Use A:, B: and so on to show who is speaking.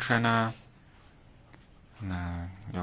A: žena, na ďalšie